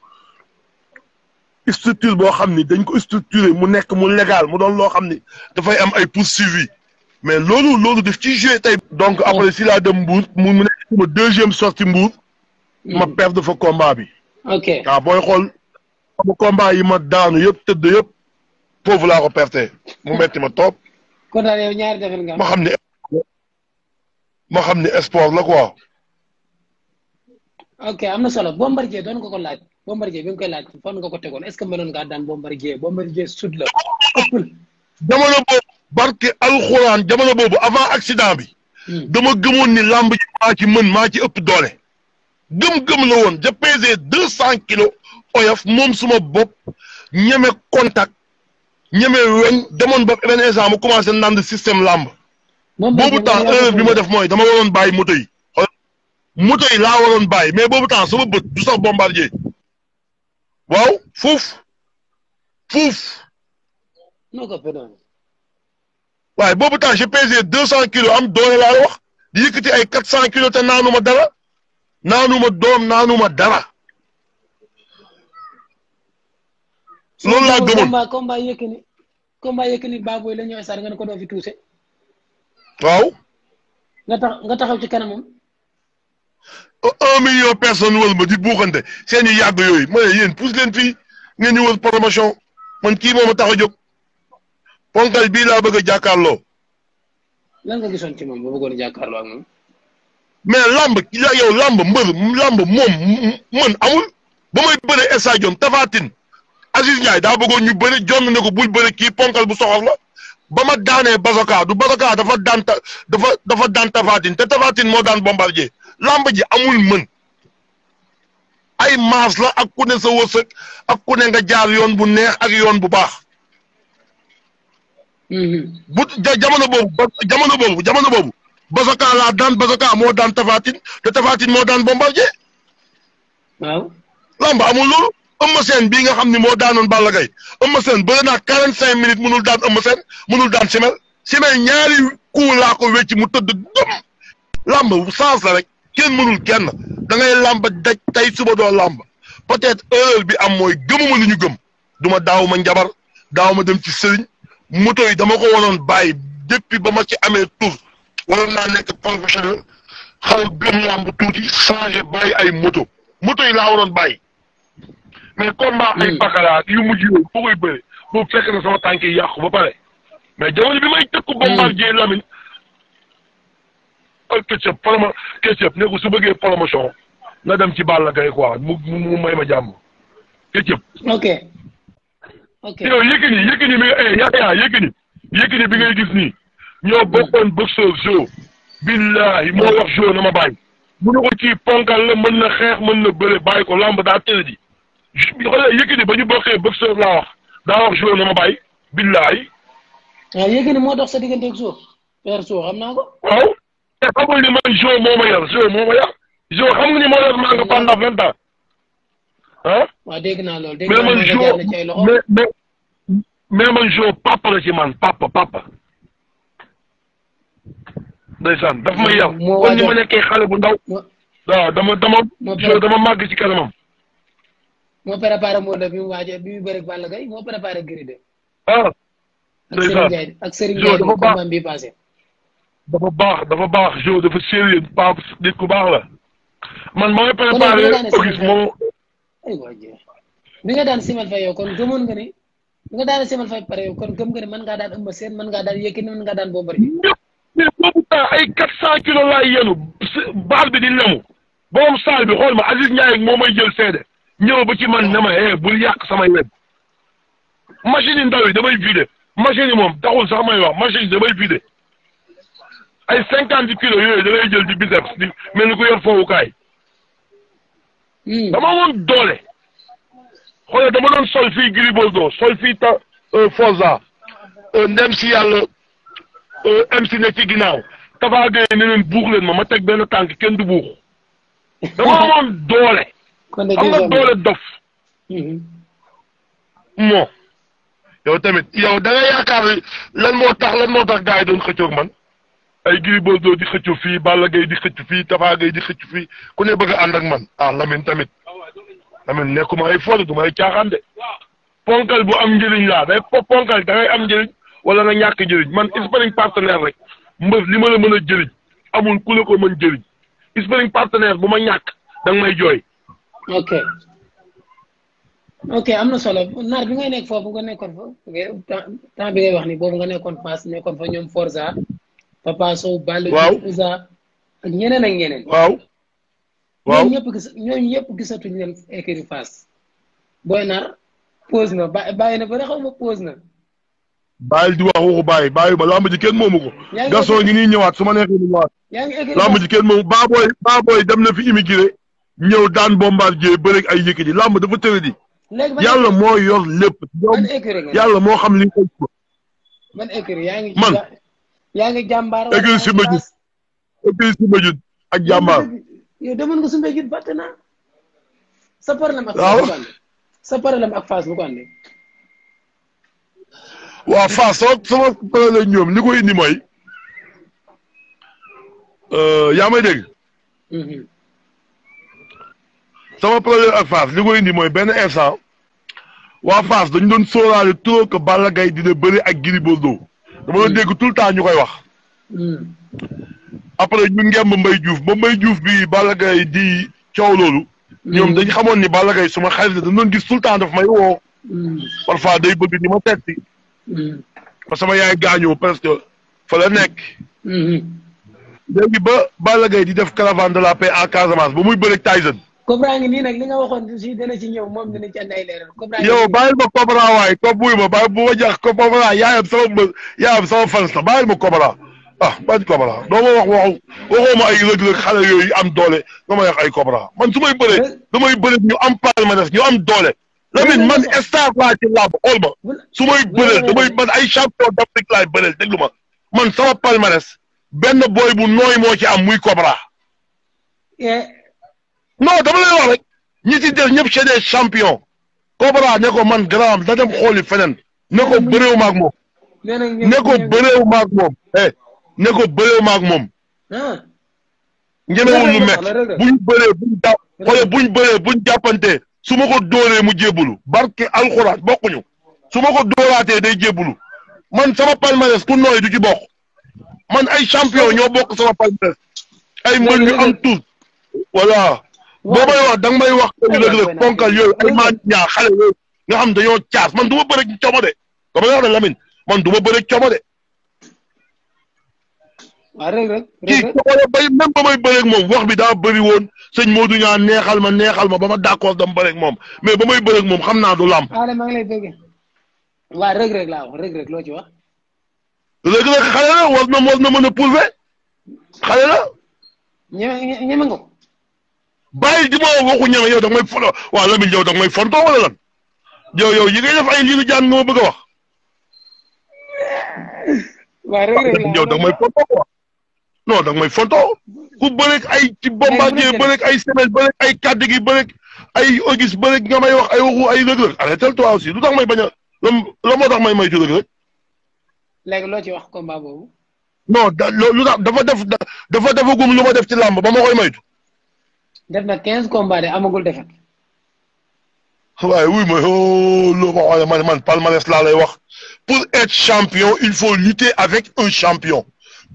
structure boo xam ni dañ ko structuré mu nekk mu légal mu doon loo xam ni dafay am ay poursuivi mais loolu loolu def ci joué tey. donc après si laa dem Mbour mu nekk sama deuxième sortie Mbour. ma mm. perte fa combat bi. ok waaw booy xool sama combat yi ma daanu yëpp tëdd yëpp foofu laa ko perte mu metti ma topp. kon daal ñaari defar nga ma xam ne ma xam ne sport la quoi. ok am na solo Bombardier doon nga ko laaj Bombardier bi nga koy laaj fan nga ko tegoon est-ce que mënoon ngaa daan Bombardier Bombardier sud la ëppul. jamono boobu barke alxuraan jamono boobu avant accident bi. Hmm. dama gëmoon ni làmb ji maa ci mën maa ci ëpp doole. gëm-gëm la woon je pesais deux cent kilos oyof moom suma bopp ñeme contact ñeme weñ demoon ba benn instant mu commencé nand système làmb boobu temps erreur bi ma def mooy dama waroon bàyyi moto yi moto yi laa waroon bàyyi mais boobu temps sama bët du sax bombardier waaw fuuf fuuf waaye boobu temps je pesais deux kilos am doole laa wax di yëkkati ay quatre cent kilos te naanuma dara naanuma doom naanuma dara. loolu laa gëmoon combat combat Yékini combat Yékini Baboy la ñëw nga ne ko doo fi tuuse. waaw. nga tax nga taxaw ci kanamam. un million personne wël ma di buuxante seen i yàgg yooyu ma ne yéen pousse leen fii ngeen man kii moom a tax a jóg ponkal bii laa bëgg a jàkkaarloo. lan nga gisoon ci moom ba bëggoon jàkkaarloo ak mais lamb yow lamb mbër lamb moom mën amul ba may bëre Essa Diom Tapha Tine Aziz Ndiaye daa bëggoon ñu bëre jonn ne ko bul bëre kii ponkal bu soxor la ba ma daanee Bazoka du Bazoka dafa daan dafa dafa daan te Tapha moo daan bombardier lamb ji amul mën ay maas la ak ku ne sa wërsëg ak ku ne nga jaar yoon bu neex ak yoon bu baax. Mm-hmm. bu jamono boobu jamono boobu jamono boobu Bazoka laa daan Bazoka moo daan Tafatine te Tafatine moo daan Bombardier. waaw. lamba amul loolu Eumeu Sène bii nga xam ni moo daanoon Balla Gaye Eumeu Sène bëri naa 45 minutes mënul daan Eumeu Sène mënul daan Simel Simel ñaari coup laa ko wecc mu tëdd gëm lamba sens la rek kenn mënul kenn da ngay lamba daj tey suba doo làmb peut-être bi am mooy gëmuma li ñu gëm du ma daaw ma njabar daaw ma dem ci sëriñ moto yi dama ko wanoon bàyyi depuis ba ma ci amee tur. waroon naa nekk professionnel xaw a gëm làmb ay moto moto yi laa waroon bàyyi. mais combat ay bakala hmm. yu mujj yooyu foo koy bëri boobu fekk na sama tànk yi yàqu ba pare mais jamono bi may tëkku hmm. bombardier Lamine. ak Ketchup promo Ketchup ne ko su bëggee promotion nga dem ci Balla Gaye quoi mu mu may ma jàmm Ketchup. ok ok yow Yékini Yékini mi eh yaa yaa Yékini Yékini bi ngay gis nii. ñoo bokkoon boxeur jo billahi moo wax jo na ma bàyyi mu ne ko kii ponkal la mën na xeex mën na bëre bàyyi ko lamb daa tële ji xoolee ba ñu bokkee boxeur laa wax daa wax jo na ma bàyyi billahi waaw Yékini moo dox sa digganteeg jo père jo xam naa ko man jo moo ma yar jo moo ma yar jo xam nga ni moo yar maa nga pendant vingt ans ah man jo mais mais man jo papa la ci man papa papa ndeysaan daf ma yar kon ni ma nekkee xale bu ndaw. waaw dama dama. dama màgg ci kanamam. moo préparé moo la bi mu waaj bi mu bëri Balla Gaye moo préparé Gris de. ah. ndeysaan ak Serigne Ndiaye dafa bi passé. dafa baax dafa baax jo dafa sérieux baax nit ku baax la. man maa ngi préparé Auguste moom. bi nga daan simal fay yow kon gëmoon nga ni. nga daan simal fay pare yow kon gëm nga ni mën ngaa daan ëmb seen mën ngaa daan yëkkati mën ngaa daan bombardier. mais boobu ay quatre cent kilos laay yenu baal bi di lemu borom saal bi xool ma Aziz Ndiaye moo may jël seede ñëw ba ci man ne ma eh yàq samay web machine yi ndaw yi damay vidé machine yi moom taxul sax may wax machine yi damay vidé ay cinquante kilos yooyu da ngay jël di biceps di mel ni ku yor fowukaay. Hmm. dama woon doole. xoolal dama doon sol fii Gris Bordeaux sol fii ta euh, Forza euh, ndem si MC ne ci ginnaaw Tafa Gueye ne leen buux leen ma ma teg benn tànk kenn du buux. dama doole. am doole dof. Mm-hmm. moo. yow tamit yow da yaakaar lan moo tax lan moo tax gars yi doon xëccoog man. ay Gris Bordeaux di xëccu fii Balla Gaye di xëccu fii Tafa Gueye di xëccu fii ku ne bëgg a ànd ak man ah Lamine tamit Lamine nekkuma ay foto du may caaxaan de. ponkal bu am njëriñ laa day ponkal da am njëriñ. wala nga ñàkk jëriñ man sparring partenaire rek mbër li ma la mën a ku la ko mën jëriñ partenaire bu ma ñàkk da nga may jooy. ok ok am na solo naar bi ngay nekk foofu nga nekkoon fa temps bi ngay wax ni boobu nga nekkoon Fass nekkoon fa ñoom Forza Papa Sow. Balla Forza ak ñeneen ak ñeneen. waaw waaw ñooñu ñëpp gis ñooñu ñëpp gisatuñu leen écurie Fass. booy naar pause na bàyyi na ba xaw ma pause na. bàyyil di wax waxu bàyyi bàyyi ba lamb ji kenn moomu ko. Gaston ngi nii ñëwaat su ma neexee ni ñëwaat. lamb ji kenn moomu Baboy Baboy dem na fi immigré ñëw daan Bombardier bëreeg ay Yékini lamb dafa tëre di. yàlla moo yor lépp. yàlla moo xam ni ko. man yaa ngi jàmbaar écurie Simba Jut écurie Simba Jut ak jàmbaar. yow demoon nga Simba Jut bàtt naa. ak Fass bu waaw Fass sama sama problème ñoom li ko indi mooy euh, yaa may dégg. Mm-hmm. sama problème ak Fass li ko indi mooy benn instant waa Fass dañu doon sóoraale trop que Balla Gaye dina bëri ak Gris Bordeaux. dama doon dégg tout temps ñu koy wax. Mm-hmm. après ñu ngemb Mbaye Diouf ba juuf Diouf bi Balla Gaye di coow loolu. ñoom mm-hmm. dañ xamoon ni Balla Gaye suma xarit dañ doon gis tout le temps may woo. parfois day bëgg ni ma seet si ba sama yaay gaañoo presque fa la nekk. léegi ba Balla Gaye di def caravane de la paix en Casamance ba muy bëreeg Tyson. Cobra ngi nii nag li nga waxoon si dana ci ñëw moom dana ci andi ay leeral. Cobra yow bàyyil ma Cobra waay ko buy ma bàyyi bu ma jax ko Cobra yaayam sama mbë yaayam sama fans la bàyyil ma Cobra ah ban Cobra doo ma wax waxu waxoo ma ay rëg-rëg xale yooyu am doole nga ma wax ay Cobra man su may bëree damay bëree ñu am palmarès ñu am doole. Lamine man star laa ci làmb xool ma su may bëreel damay man ay champion d'Afrique laay bëreel déglu ma man sama palmarès benn booy bu nooy moo ci am muy Cobra. Eh. non dama lay wax rek ñi ci des ñëpp c'est des champions ne ko man grand da dem xooli feneen ne ko bëreew maag moom. ne ko bëreew maag moom. Eh, ne ko bëreew maag moom. ñemewul ah. lu mekk buñ bëree buñ jàpp xoolee buñ jàppante. su ma ko dóoree mu jébbalu barke alxuraan bokkuñu su ma ko dóoraatee day jébbalu man sama palmarès ku nooy du ci bokk man ay champion ñoo bokk sama palmarès ay man ñu am tuut boo may wax da nga may wax ñu lëg-lëg yooyu ay maa ñaa xale yooyu nga xam dañoo caas man du ma bëre coomo de dama wax ne Lamine man du ma bëre coomo waaw rek rek kii coxoyo bay même ba may bëreeg moom wax bi daa bëri woon sëñ Modou ñaa neexal ma neexal ma ba ma d'accord dama bëreeg moom mais ba may bëreeg moom xam naa du làmb. waaw ah, maa ngi loo ci wax. rek rek xale la war na war na mën a prouvé xale la. ñeme ñeme nga ko. bàyyi di ma waxu ñeme yow may foto waaw Lamine yow da may fonto wala yi ngay jaan nga ma bëgg a wax. waaw rek rek laa yow may fonto quoi. non da nga may photo ku bëreeg ay ci bombardier bëreeg ay semence bëreeg ay kàddu gi bëreeg ay ogis bëreeg nga may wax ay waxu ay rëg-rëg arrêtel toi aussi lu tax may bañ a la moo tax may may ci rëg-rëg léegi loo ci wax combat boobu non da lu tax dafa def dafa defagum lu ma def ci làmb ba ma koy maytu def na quinze combat de amagul defet waaye wuy ma oh, loo ma waxee man man palmarès laa lay wax pour être champion il faut lutter avec un champion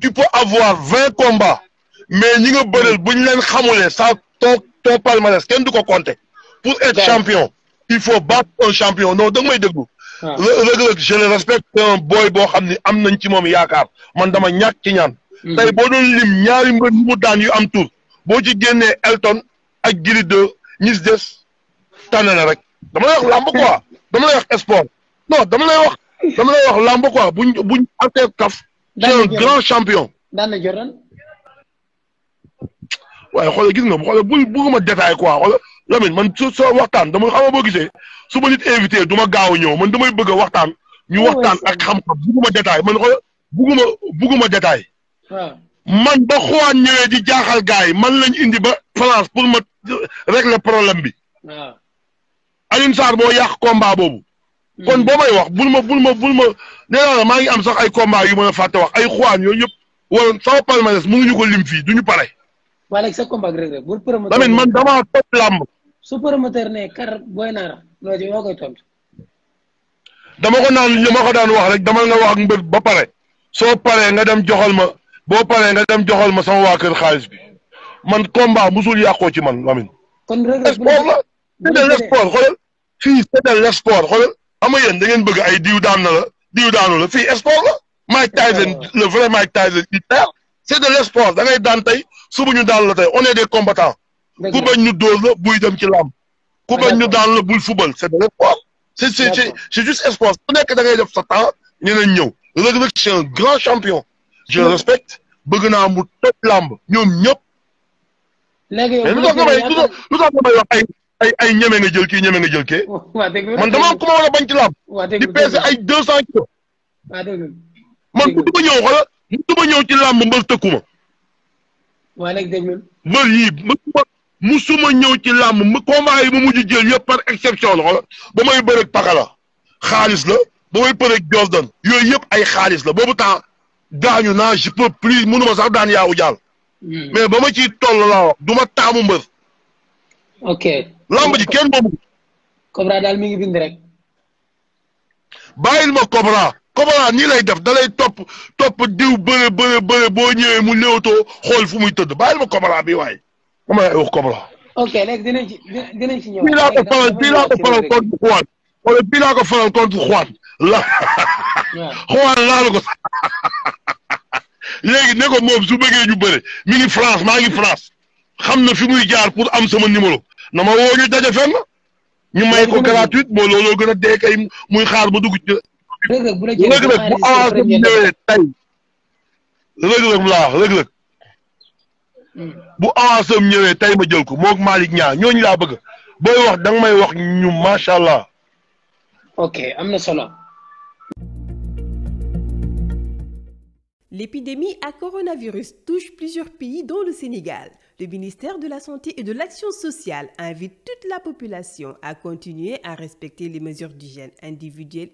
tu peux avoir vingt combats mais ñi nga bëreel bu ñu leen xamulee sa ton ton palmarès kenn du ko compter pour être champion il faut battre un champion non da nga may déglu. Ah. Reug Reug je le respecte un boy boo xam ni am nañ ci moom yaakaar man dama ñàkk ci ñaan. Mm-hmm. tey boo doon lim ñaari mbër mu daan yu am tur boo ci génnee Elton ak Gris 2 ñi si des tànn na rek dama lay wax làmb quoi dama lay wax sport non dama lay wax dama lay wax làmb quoi buñ buñ artee kaf. c'est un grand champion. daan na waaye xoolal gis nga bu xoolal bul bëgguma détail quoi xoolal Lamine man soo soo waxtaan dama xam nga boo gisee su invité du gaaw a ñëw man damay bëgg a waxtaan. ñu waxtaan ak xam-xam bëgguma détail man xoolal bëgguma bëgguma détail. man ba xuwaan ñëwee di jaaxal gars yi man lañ indi ba France pour ma régler problème bi. waaw Alioune Sarr boo yàq combat boobu. kon mm. boo may wax bul ma bul ma nee naa maa ngi am sax ay combat yu man a fàtte wax ay xuwaan yooyu yëpp waroon sama palmarès mënuñu ko lim fii duñu pare. waaye nag sa combat ak Reug Reug bu promoteur tamit man damaa topp làmb. su promoteur ne kar booy naar loolu ci moo koy dama ko naan li ma ko daan wax rek dama nga wax ak mbër ba pare soo paree nga dem joxal ma boo paree nga dem joxal ma sama waa kër xaalis bi man combat musul yàqoo ci man Lamine. kon Reug Reug sport la c'est de l'espoir xoolal fii c'est de l'espoir xoolal ama yéen da ngeen bëgg ay diw daan na la. diw daanu la fii sport la. Mike Tyson le vrai Mike Tyson il perd c' est de l' sport da ngay daan tey suba ñu daan la tey on est des combattants. ku bañ ñu dóor la buy dem ci làmb. ku bañ ñu daan la bul football c' est de l' sport. c' est c' est c' juste sport su nekk da ngay def sa temps ñu ne ñëw. Reug Reug c' est un grand champion. je mm. respecte bëgg naa mu toj làmb ñoom ñëpp. léegi yow lu tax nga may lu tax nga ay ay ñeme nga jël kii ñeme nga jël kee. man damaa ku ma war bañ ci laam. di peese ay deux cent kilos. man bu duma ñëw xoolal bu duma ñëw ci làmb mbër tëkku ma. waa léegi dégg mbër yii musuma musuma ñëw ci làmb mu combat yi ma mujj jël yëpp par exception la xoolal ba may bëreeg paka la xaalis la ba may bëreeg Jordan yooyu yëpp ay xaalis la boobu temps daañu naa je peux plus mënuma sax daan yaawu jaal. Hmm. mais ba ma ci toll la wax du ma taamu mbër. ok lamb ji kenn moomu. Cobra daal mi ngi bind rek. bàyyil ma Cobra Cobra nii lay def da lay topp topp diw bëre bëre bëre boo ñëwee mu néewtoo xool fu muy tëdd bàyyil ma Cobra bi waaye. dama lay wax Cobra. ok léegi dinañ ci dinañ ci ñëw. bii laa ko faral bii laa ko faral contre Juan wala bii laa ko faral contre Juan la. Juan laal ko léegi ne ko moom su bëggee ñu bëre mi ngi France maa ngi France xam na fi muy jaar pour am sama numéro. na ma woo ñu daje fenn ñu may ko moo looloo gën a dee kay muy xaar ba dugg ci. rëg-rëg bu avancé ñëwee tey rëg-rëg laa rëg-rëg hmm. bu avancé ñëwee tey ma jël ko moog Malick ñaar ñooñu laa bëgg booy wax danga may wax ñu macha allah. ok na solo. L'épidémie à coronavirus touche plusieurs pays dont le Sénégal. le ministère de la Santé et de l'Action sociale invite toute la population à continuer à respecter les mesures d'hygiène individuelles